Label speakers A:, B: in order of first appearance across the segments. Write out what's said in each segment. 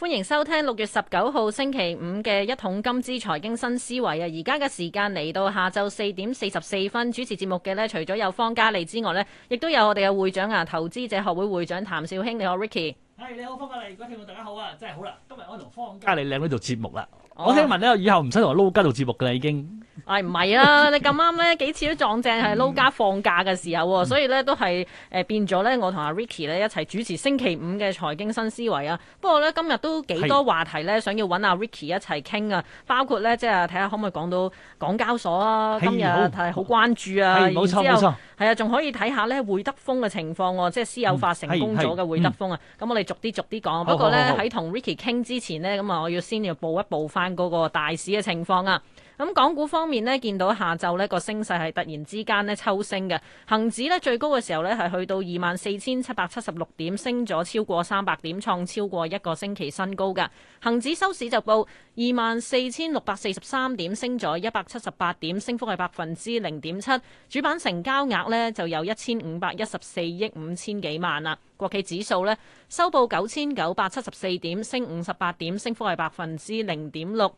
A: 歡迎收聽六月十九號星期五嘅一桶金之財經新思維啊！而家嘅時間嚟到下晝四點四十四分，主持節目嘅呢，除咗有方嘉莉之外呢，亦都有我哋嘅會長啊，投資者學會會長譚紹興，你好，Ricky。係，你好，方嘉莉，觀眾大家好啊，真係好啦、啊，今日我同方嘉
B: 莉靚女做節目啦。我聽聞咧，以後唔使同撈家做節目噶啦，已經。
A: 係唔係啊？你咁啱呢幾次都撞正係撈家放假嘅時候喎，所以呢都係誒變咗呢。我同阿 Ricky 呢一齊主持星期五嘅財經新思維啊。不過呢，今日都幾多話題呢，想要揾阿 Ricky 一齊傾啊。包括呢，即係睇下可唔可以講到港交所啊，今日係好關注啊。冇錯冇錯，係啊，仲可以睇下呢會德豐嘅情況喎，即係私有化成功咗嘅會德豐啊。咁我哋逐啲逐啲講。不過呢，喺同 Ricky 傾之前呢，咁啊我要先要報一報翻嗰個大市嘅情況啊。咁港股方面呢，見到下晝呢個升勢係突然之間呢抽升嘅，恒指呢最高嘅時候呢係去到二萬四千七百七十六點，升咗超過三百點，創超過一個星期新高嘅。恒指收市就報二萬四千六百四十三點，升咗一百七十八點，升幅係百分之零點七。主板成交額呢，就有一千五百一十四億五千幾萬啦。國企指數呢，收報九千九百七十四點，升五十八點，升幅係百分之零點六。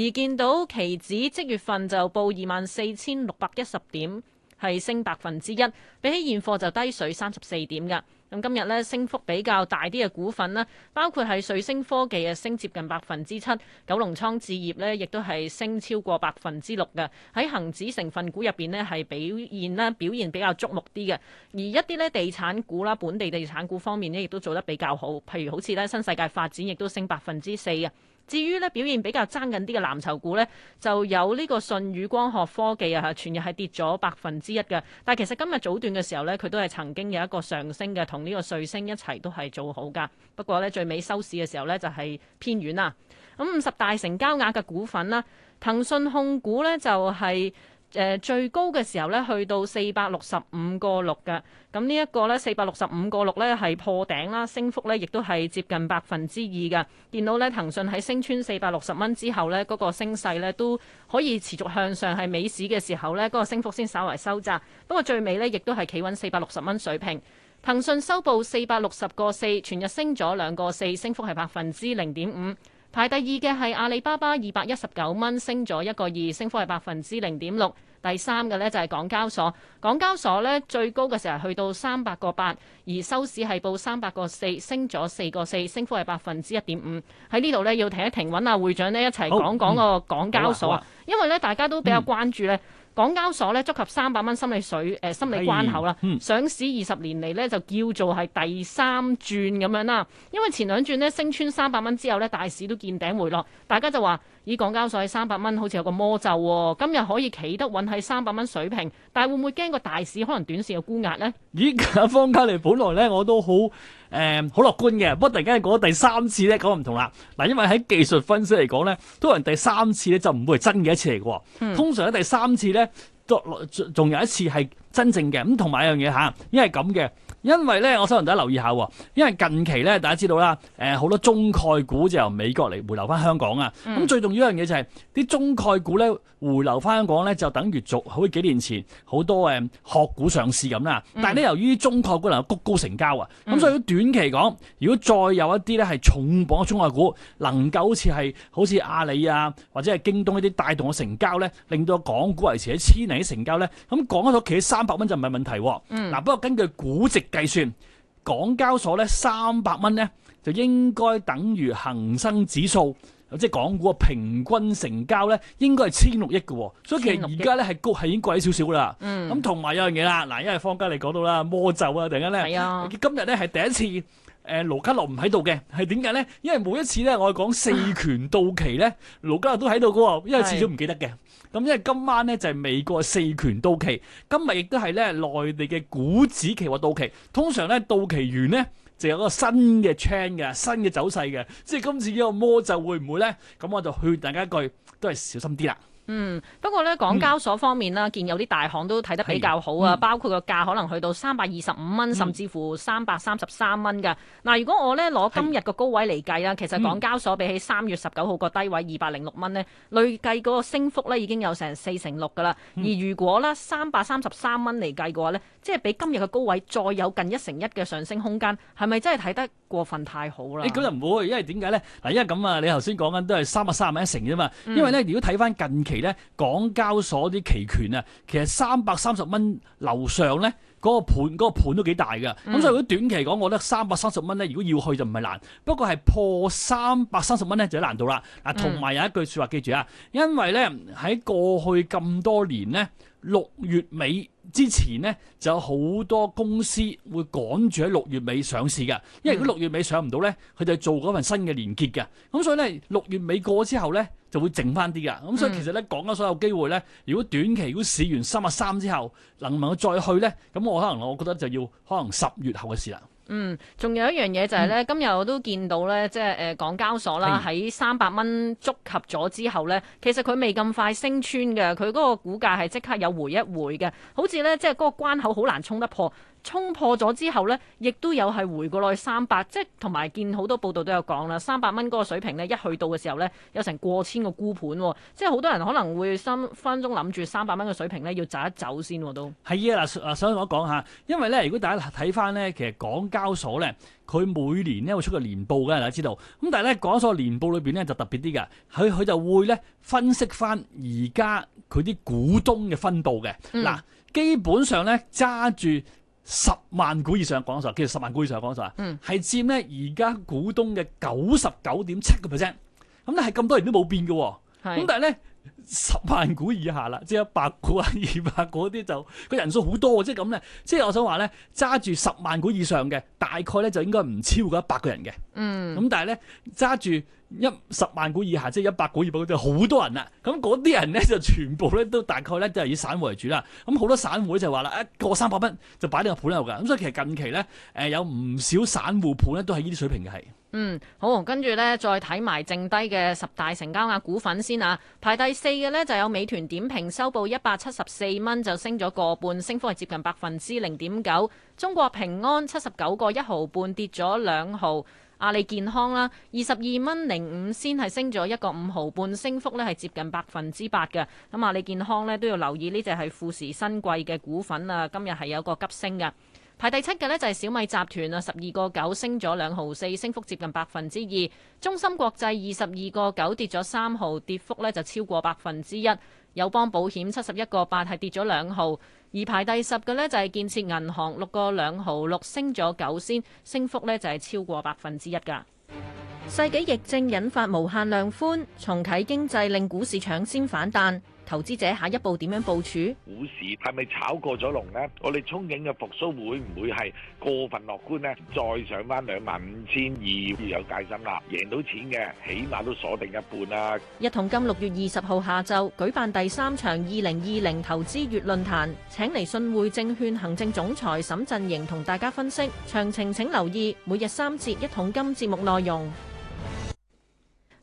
A: 而見到期指即月份就報二萬四千六百一十點，係升百分之一，比起現貨就低水三十四點噶。咁今日呢，升幅比較大啲嘅股份咧，包括係瑞星科技啊，升接近百分之七；九龍倉置業呢，亦都係升超過百分之六嘅。喺恒指成分股入邊呢，係表現啦，表現比較觸目啲嘅。而一啲呢，地產股啦，本地地產股方面呢，亦都做得比較好。譬如好似呢，新世界發展，亦都升百分之四嘅。至於咧，表現比較爭緊啲嘅藍籌股呢，就有呢個舜宇光學科技啊，全日係跌咗百分之一嘅。但係其實今日早段嘅時候呢，佢都係曾經有一個上升嘅，同呢個瑞聲一齊都係做好㗎。不過呢，最尾收市嘅時候呢，就係、是、偏軟啦。咁五十大成交額嘅股份啦、啊，騰訊控股呢，就係、是。誒最高嘅時候咧，去到四百六十五個六㗎，咁呢一個咧四百六十五個六咧係破頂啦，升幅咧亦都係接近百分之二㗎。見到咧騰訊喺升穿四百六十蚊之後咧，嗰、那個升勢咧都可以持續向上，喺尾市嘅時候咧嗰、那個升幅先稍為收窄，不過最尾咧亦都係企穩四百六十蚊水平。騰訊收報四百六十個四，全日升咗兩個四，升幅係百分之零點五。排第二嘅係阿里巴巴二百一十九蚊，升咗一個二，升幅係百分之零點六。第三嘅呢就係、是、港交所，港交所呢最高嘅時候去到三百個八，而收市係報三百個四，升咗四個四，升幅係百分之一點五。喺呢度呢，要停一停搵阿會長呢一齊講講，講個港交所、嗯、啊，啊因為呢大家都比較關注呢。嗯港交所咧觸及三百蚊心理水，誒、呃、心理關口啦。 上市二十年嚟咧就叫做係第三轉咁樣啦，因為前兩轉咧升穿三百蚊之後咧大市都見頂回落，大家就話。依港交所喺三百蚊，好似有個魔咒喎、哦。今日可以企得穩喺三百蚊水平，但係會唔會驚個大市可能短線嘅沽壓咧？
B: 咦，方家利本來咧我都好誒好樂觀嘅，不過突然間講第三次咧，講唔同啦。嗱，因為喺技術分析嚟講咧，都人嗯、通常第三次咧就唔會係真嘅一次嚟嘅。通常喺第三次咧，都仲有一次係真正嘅。咁同埋一樣嘢嚇，因為咁嘅。因為咧，我想同大家留意下喎、哦。因為近期咧，大家知道啦，誒、呃、好多中概股就由美國嚟回流翻香港啊。咁、嗯、最重要一樣嘢就係、是、啲中概股咧回流翻香港咧，就等於續好似幾年前好多誒、嗯、學股上市咁啦。但係咧，由於中概股能夠谷高成交啊，咁、嗯、所以短期嚟講，如果再有一啲咧係重磅嘅中概股能夠好似係好似阿里啊或者係京東呢啲帶動嘅成交咧，令到港股維持喺千零啲成交咧，咁講咗企喺三百蚊就唔係問題、啊。嗱、嗯，不過根據估值計算港交所咧三百蚊咧就應該等於恒生指數，即係港股平均成交咧應該係千六億嘅，所以其實而家咧係高係已經貴少少啦。咁同埋有一樣嘢啦，嗱，因為方家利講到啦，魔咒啊，突然間咧，啊、今日咧係第一次誒，盧吉樂唔喺度嘅，係點解咧？因為每一次咧我哋講四權到期咧，盧吉樂都喺度噶喎，因為始終唔記得嘅。咁因為今晚咧就係美國四權到期，今日亦都係咧內地嘅股指期貨到期。通常咧到期完咧，就有一個新嘅 trend 嘅新嘅走勢嘅，即係今次呢個魔咒會唔會咧？咁我就勸大家一句，都係小心啲啦。
A: 嗯，不過咧，港交所方面啦，見、嗯、有啲大行都睇得比較好啊，嗯、包括個價可能去到三百二十五蚊，嗯、甚至乎三百三十三蚊㗎。嗱，如果我咧攞今日個高位嚟計啦，的其實港交所比起三月十九號個低位二百零六蚊呢，累計嗰個升幅呢已經有成四成六㗎啦。而如果咧三百三十三蚊嚟計嘅話呢，即係比今日嘅高位再有近一成一嘅上升空間，係咪真係睇得？過分太好啦！誒咁、欸、就
B: 唔會，因為點解咧？嗱，因為咁啊，你頭先講緊都係三百三十蚊一成啫嘛。嗯、因為咧，如果睇翻近期咧，港交所啲期權啊，其實三百三十蚊樓上咧，嗰、那個盤嗰、那個盤都幾大嘅。咁、嗯、所以如果短期嚟講，我覺得三百三十蚊咧，如果要去就唔係難，不過係破三百三十蚊咧就啲、是、難度啦。嗱，同埋有一句説話，記住啊，嗯、因為咧喺過去咁多年咧六月尾。之前呢就有好多公司會趕住喺六月尾上市嘅，因為如果六月尾上唔到呢，佢就做嗰份新嘅連結嘅。咁所以呢，六月尾過之後呢就會剩翻啲嘅。咁所以其實呢，講緊所有機會呢，如果短期如果試完三月三之後能唔能夠再去呢？咁我可能我覺得就要可能十月後嘅事啦。
A: 嗯，仲有一樣嘢就係、是、咧，嗯、今日我都見到咧，即係誒港交所啦，喺三百蚊觸及咗之後咧，其實佢未咁快升穿嘅，佢嗰個股價係即刻有回一回嘅，好似咧即係嗰個關口好難衝得破。衝破咗之後呢，亦都有係回過落去三百，即係同埋見好多報道都有講啦。三百蚊嗰個水平呢，一去到嘅時候呢，有成過千個沽盤，哦，即係好多人可能會三分鐘諗住三百蚊嘅水平呢，要走一走先都
B: 係嘅嗱。想講一講下，因為呢，如果大家睇翻呢，其實港交所呢，佢每年呢會出個年報嘅，大家知道咁。但係呢，港交所年報裏邊呢，就特別啲嘅，佢佢就會呢，分析翻而家佢啲股東嘅分佈嘅嗱，嗯、基本上呢，揸住。十萬股以上講嗰時候，叫做十萬股以上講嗰時候，係、嗯、佔咧而家股東嘅九十九點七個 percent，咁咧係咁多人都冇變嘅。咁是但係咧十萬股以下啦，即係一百股啊二百股啲就個人數好多嘅，即係咁咧。即係我想話咧，揸住十萬股以上嘅，大概咧就應該唔超過一百個人嘅。嗯，咁但係咧揸住。一十萬股以下，即係一百股、二百股都好多人啦。咁嗰啲人呢，就全部呢，都大概呢，都係以散戶為主啦。咁好多散戶就話啦，一個三百蚊就擺喺個盤度噶。咁所以其實近期呢，誒、呃、有唔少散戶盤呢，都係呢啲水平嘅係。
A: 嗯，好，跟住呢，再睇埋剩低嘅十大成交額股份先啊。排第四嘅呢，就有美團點評收報一百七十四蚊，就升咗個半，升幅係接近百分之零點九。中國平安七十九個一毫半，跌咗兩毫。阿里健康啦，二十二蚊零五仙係升咗一個五毫半，升幅咧係接近百分之八嘅。咁阿里健康咧都要留意呢隻係富時新貴嘅股份啊，今日係有個急升嘅。排第七嘅呢就係小米集團啊，十二個九升咗兩毫四，升幅接近百分之二。中芯國際二十二個九跌咗三毫，跌幅咧就超過百分之一。友邦保險七十一個八係跌咗兩毫，而排第十嘅呢就係建設銀行六個兩毫六，升咗九仙，升幅呢就係超過百分之一㗎。世紀疫症引發無限量寬，重啟經濟令股市搶先反彈。投資者下一步點樣部署？股市係
B: 咪炒過咗龍呢？我哋憧憬嘅復甦會唔會係過分樂觀呢？再上返兩萬五千二要有戒心啦！贏到錢嘅起碼都鎖定一半啦。一
A: 桶金六月二十號下晝舉辦第三場二零二零投資月論壇，請嚟信匯證券行政總裁沈振盈同大家分析。詳情請留意每日三節一桶金節目內容。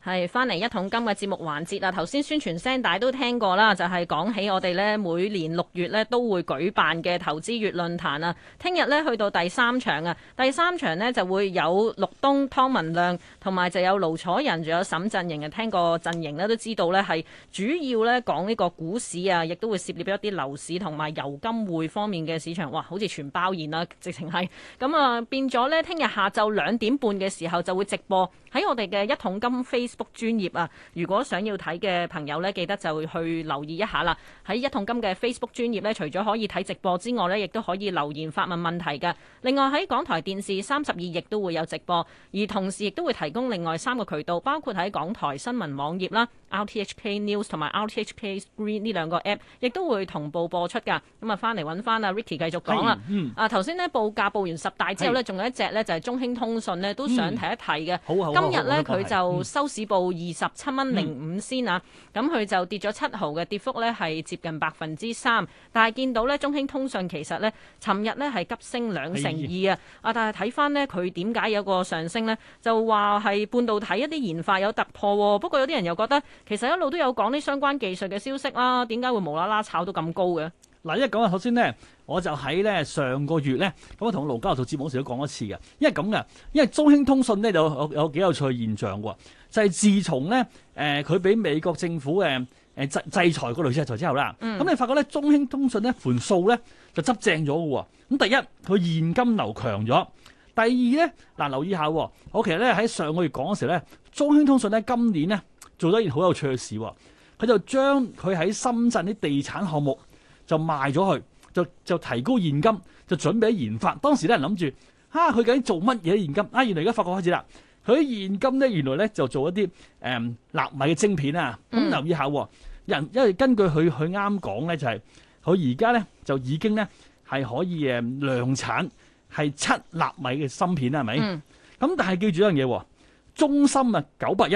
A: 係翻嚟一桶金嘅節目環節啦，頭先宣傳聲大家都聽過啦，就係、是、講起我哋呢每年六月呢都會舉辦嘅投資月論壇啊。聽日呢，去到第三場啊，第三場呢，就會有陸東、湯文亮同埋就有盧楚仁，仲有沈陣營沈振盈嘅，聽過振盈呢都知道呢，係主要呢講呢個股市啊，亦都會涉獵一啲樓市同埋油金匯方面嘅市場，哇，好似全包宴啦，直情係咁啊。變咗呢，聽日下晝兩點半嘅時候就會直播喺我哋嘅一桶金 Face Facebook 專頁啊，如果想要睇嘅朋友呢，記得就去留意一下啦。喺一桶金嘅 Facebook 專頁呢，除咗可以睇直播之外呢，亦都可以留言發問問題嘅。另外喺港台電視三十二亦都會有直播，而同時亦都會提供另外三個渠道，包括喺港台新聞網頁啦。RTHK News 同埋 RTHK Green 呢兩個 App，亦都會同步播出㗎。咁啊，翻嚟揾翻啊 Ricky 繼續講啦。嗯、啊，頭先呢報價報完十大之後呢，仲是有一隻呢就係、是、中興通訊呢，都想提一提嘅。嗯、今日呢，佢就收市報二十七蚊零五先啊。咁佢、嗯嗯、就跌咗七毫嘅跌幅呢，係接近百分之三。但係見到呢中興通訊其實呢尋日呢係急升兩成二啊。是啊，但係睇翻呢，佢點解有個上升呢？就話係半導體一啲研發有突破、啊。不過有啲人又覺得。其實一路都有講啲相關技術嘅消息啦，點解會無啦啦炒到咁高嘅？嗱，一
B: 講啊，首先咧，我就喺咧上個月咧咁啊，同盧家豪做節目嗰時都講一次嘅，因為咁嘅，因為中興通訊咧就有有，有幾有趣嘅現象喎，就係、是、自從咧誒佢俾美國政府誒誒制制裁個類制裁之後啦，咁你、嗯、發覺咧中興通訊咧盤數咧就執正咗嘅喎，咁第一佢現金流強咗，第二咧嗱留意下喎，我其實咧喺上個月講嗰時咧，中興通訊咧今年咧。做得咗件好有趣嘅事喎、哦，佢就將佢喺深圳啲地產項目就賣咗去，就就提高現金，就準備喺研發。當時啲人諗住，啊，佢究竟做乜嘢現金啊？原來而家發覺開始啦，佢現金咧原來咧就做一啲誒、呃、納米嘅晶片啊。咁、嗯、留意下、哦，人因為根據佢佢啱講咧就係佢而家咧就已經咧係可以誒量產係七納米嘅芯片啦，係咪？咁、嗯、但係記住一樣嘢、哦，中芯啊九八一。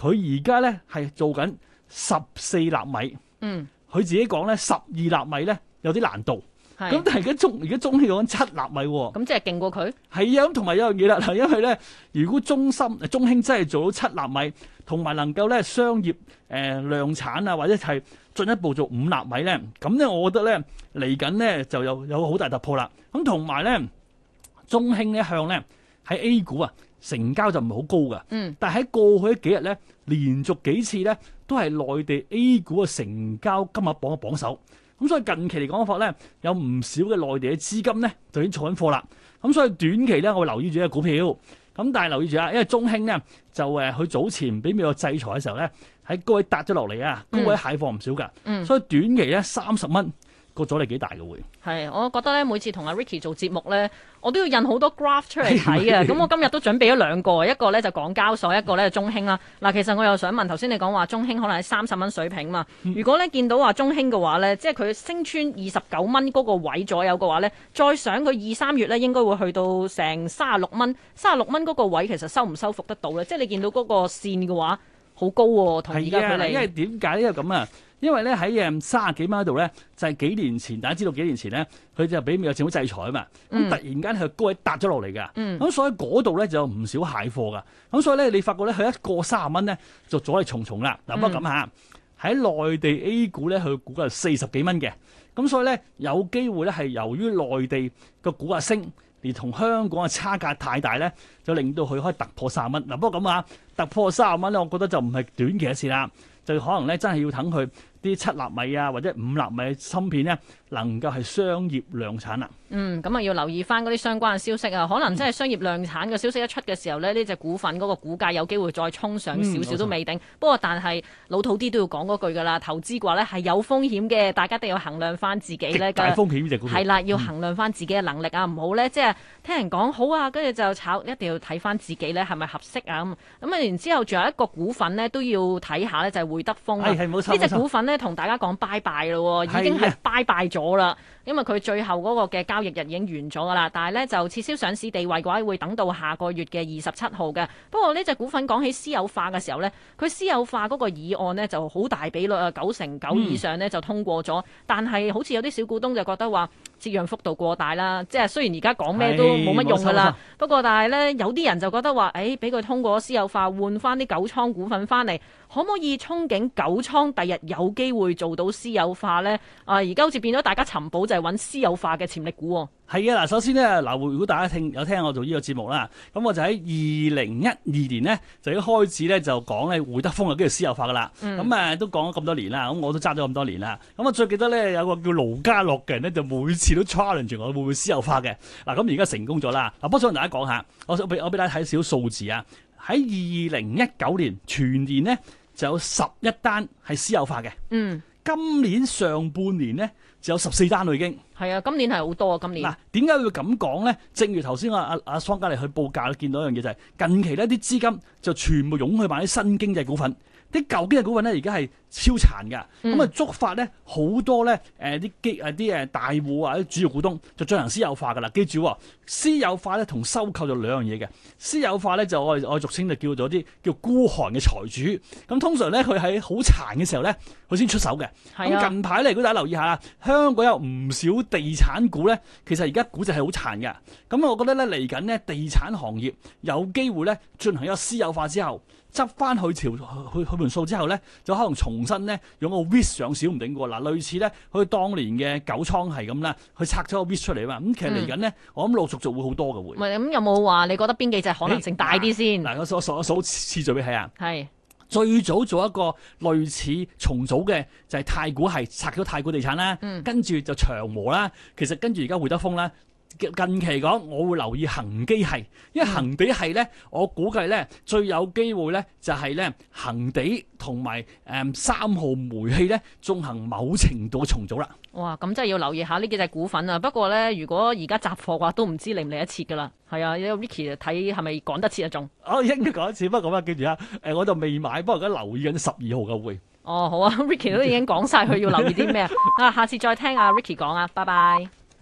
B: 佢而家咧係做緊十四納米，嗯，佢自己講咧十二納米咧有啲難度，咁是但係而家中而家中興講七納米喎，咁、
A: 嗯、即係勁過佢，
B: 係啊，咁同埋一樣嘢啦，嗱，因為咧如果中芯、中興真係做到七納米，同埋能夠咧商業誒、呃、量產啊，或者係進一步做五納米咧，咁咧我覺得咧嚟緊咧就有有好大突破啦。咁同埋咧中興呢一向咧喺 A 股啊。成交就唔係好高㗎，但係喺過去幾日咧，連續幾次咧都係內地 A 股嘅成交金額榜嘅榜首。咁、嗯、所以近期嚟講嘅話咧，有唔少嘅內地嘅資金咧就已經坐緊貨啦。咁、嗯嗯、所以短期咧，我會留意住呢個股票。咁但係留意住啊，因為中興咧就誒佢早前俾美國制裁嘅時候咧，喺高位搭咗落嚟啊，高位蟹貨唔少㗎，嗯、所以短期咧三十蚊，個阻力幾大嘅會
A: 係，我覺得咧每次同阿 Ricky 做節目咧，我都要印好多 graph 出嚟睇嘅。咁 我今日都準備咗兩個，一個咧就港交所，一個咧就中興啦。嗱，其實我又想問頭先你講話中興可能係三十蚊水平嘛。如果咧見到話中興嘅話咧，即係佢升穿二十九蚊嗰個位左右嘅話咧，再上佢二三月咧，應該會去到成三十六蚊。三十六蚊嗰個位其實收唔收復得到咧？即係你見到嗰個線嘅話，好高喎。同而家距離。係啊，因為
B: 點解因為咁啊？因為咧喺誒三十幾蚊度咧，就係、是、幾年前大家知道幾年前咧，佢就俾美國政府制裁啊嘛。咁突然間佢高位達咗落嚟噶。咁、嗯、所以嗰度咧就有唔少蟹貨噶。咁所以咧，你發覺咧，佢一過三十蚊咧，就阻力重重啦。嗱，不過咁啊，喺內地 A 股咧，佢估價四十幾蚊嘅。咁所以咧，有機會咧係由於內地個股價升，而同香港嘅差價太大咧，就令到佢可以突破三十蚊。嗱，不過咁啊，突破三十蚊咧，我覺得就唔係短期一次啦，就可能咧真係要等佢。啲七納米啊或者五納米芯片咧，能夠係商業量產啦、
A: 啊。嗯，咁啊要留意翻嗰啲相關嘅消息啊，可能真係商業量產嘅消息一出嘅時候呢，呢隻股份嗰個股價有機會再衝上少少、嗯、都未定。不過但係老土啲都要講嗰句㗎啦，投資嘅話咧係有風險嘅，大家都要衡量翻自己咧。大風險隻股。係啦，要衡量翻自己嘅能力啊，唔、嗯、好呢，即係聽人講好啊，跟住就炒，一定要睇翻自己呢係咪合適啊咁。咁啊然之後仲有一個股份呢，都要睇下、就是哎、呢，就係會德豐呢隻股份。同大家講拜拜咯，已經係拜拜咗啦。因為佢最後嗰個嘅交易日已經完咗噶啦，但係呢就撤銷上市地位嘅話，會等到下個月嘅二十七號嘅。不過呢隻股份講起私有化嘅時候呢，佢私有化嗰個議案呢就好大比率啊，九成九以上呢就通過咗。嗯、但係好似有啲小股東就覺得話折讓幅度過大啦，即係雖然而家講咩都冇乜用噶啦，不過但係呢，有啲人就覺得話，誒、哎，俾佢通過私有化換翻啲九倉股份翻嚟，可唔可以憧憬九倉第日有機會做到私有化呢？啊，而家好似變咗大家尋寶就是。搵私有化嘅潛力股，哦，
B: 係啊嗱。首先咧，嗱，如果大家有聽有聽我做呢個節目啦，咁我就喺二零一二年咧，就已經開始咧就講咧，會德豐啊，跟住私有化噶啦。咁啊、嗯嗯，都講咗咁多年啦，咁我都揸咗咁多年啦。咁我最記得咧，有個叫盧家樂嘅人咧，就每次都 challenge 我會唔會私有化嘅。嗱、啊，咁而家成功咗啦。嗱，不想同大家講下，我我俾我俾大家睇少數字啊。喺二零一九年全年咧，就有十一單係私有化嘅。嗯。今年上半年咧就有十四單啦，已經。
A: 係啊，今年係好多啊，今年。嗱，
B: 點解會咁講咧？正如頭先我阿阿桑嘉麗去報價，見到一樣嘢就係、是、近期呢啲資金就全部湧去買啲新經濟股份，啲舊經濟股份咧而家係超殘噶，咁啊、嗯、觸發咧好多咧誒啲基啊啲誒大戶啊啲主要股東就進行私有化噶啦，記住啊私有化咧同收購咗兩樣嘢嘅。私有化咧就我哋我哋俗稱就叫做啲叫孤寒嘅財主，咁通常咧佢喺好殘嘅時候咧佢先出手嘅。咁、啊、近排咧如果大家留意下啦，香港有唔少地產股咧，其實而家估值係好殘嘅，咁我覺得咧嚟緊呢地產行業有機會咧進行一個私有化之後，執翻去朝去去門數之後咧就可能從重新咧用個 wish 上少唔頂過嗱，類似咧佢當年嘅九倉係咁啦，佢拆咗個 wish 出嚟嘛，咁其實嚟緊咧，嗯、我諗陸續續會好多嘅會。
A: 唔係咁有冇話？你覺得邊幾隻可能性大
B: 啲、欸啊、先？嗱，我數一數，數次做俾你睇啊。係是最早做一個類似重組嘅，就係、是、太古係拆咗太古地產啦，跟住、嗯、就長和啦，其實跟住而家會德豐啦。近期講，我會留意恆基系，因為恆地系咧，我估計咧最有機會咧就係咧恆地同埋誒三號煤氣咧進行某程度嘅重組啦。
A: 哇！咁真係要留意下呢幾隻股份啊。不過咧，如果而家集貨嘅話，都唔知嚟唔嚟得切噶啦。係啊，有 Ricky 睇係咪講得切啊？仲
B: 哦應該講得切，不過啊，記住啊，誒，我就未買，不過而家留意緊十二號嘅會。
A: 哦，好啊，Ricky 都已經講晒佢要留意啲咩啊。啊，下次再聽阿 Ricky 講啊。拜拜。